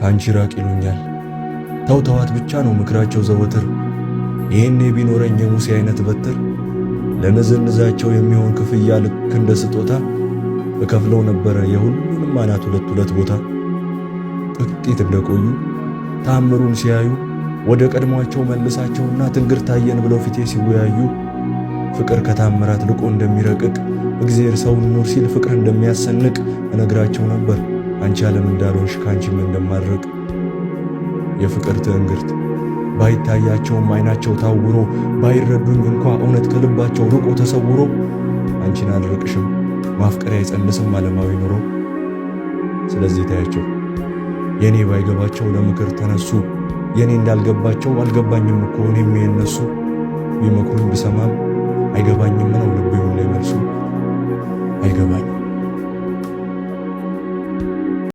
ከአንቺ ራቅ ይሉኛል። ተውተዋት ብቻ ነው ምክራቸው ዘወትር። ይህኔ ቢኖረኝ የሙሴ አይነት በትር ለንዝንዛቸው የሚሆን ክፍያ ልክ እንደ ስጦታ እከፍለው ነበረ የሁሉንም አናት ሁለት ሁለት ቦታ። ጥቂት እንደቆዩ ታምሩን ሲያዩ ወደ ቀድሟቸው መልሳቸውና ትንግር ታየን ብለው ፊቴ ሲወያዩ ፍቅር ከታምራት ልቆ እንደሚረቅቅ እግዚአብሔር ሰውን ኑር ሲል ፍቅር እንደሚያሰንቅ እነግራቸው ነበር። አንቺ ዓለም እንዳልሆንሽ ከአንቺም እንደማድረግ የፍቅር ትዕንግርት ባይታያቸውም አይናቸው ታውሮ ባይረዱኝ እንኳ እውነት ከልባቸው ርቆ ተሰውሮ አንቺን አልርቅሽም ማፍቀሪያ አይጸንስም ዓለማዊ ኑሮ። ስለዚህ ታያቸው የኔ ባይገባቸው ለምክር ተነሱ የኔ እንዳልገባቸው አልገባኝም እኮ እኔም የነሱ ቢመክሩኝ ብሰማም አይገባኝም ነው ልቤ ሁሌ መልሱ አይገባኝ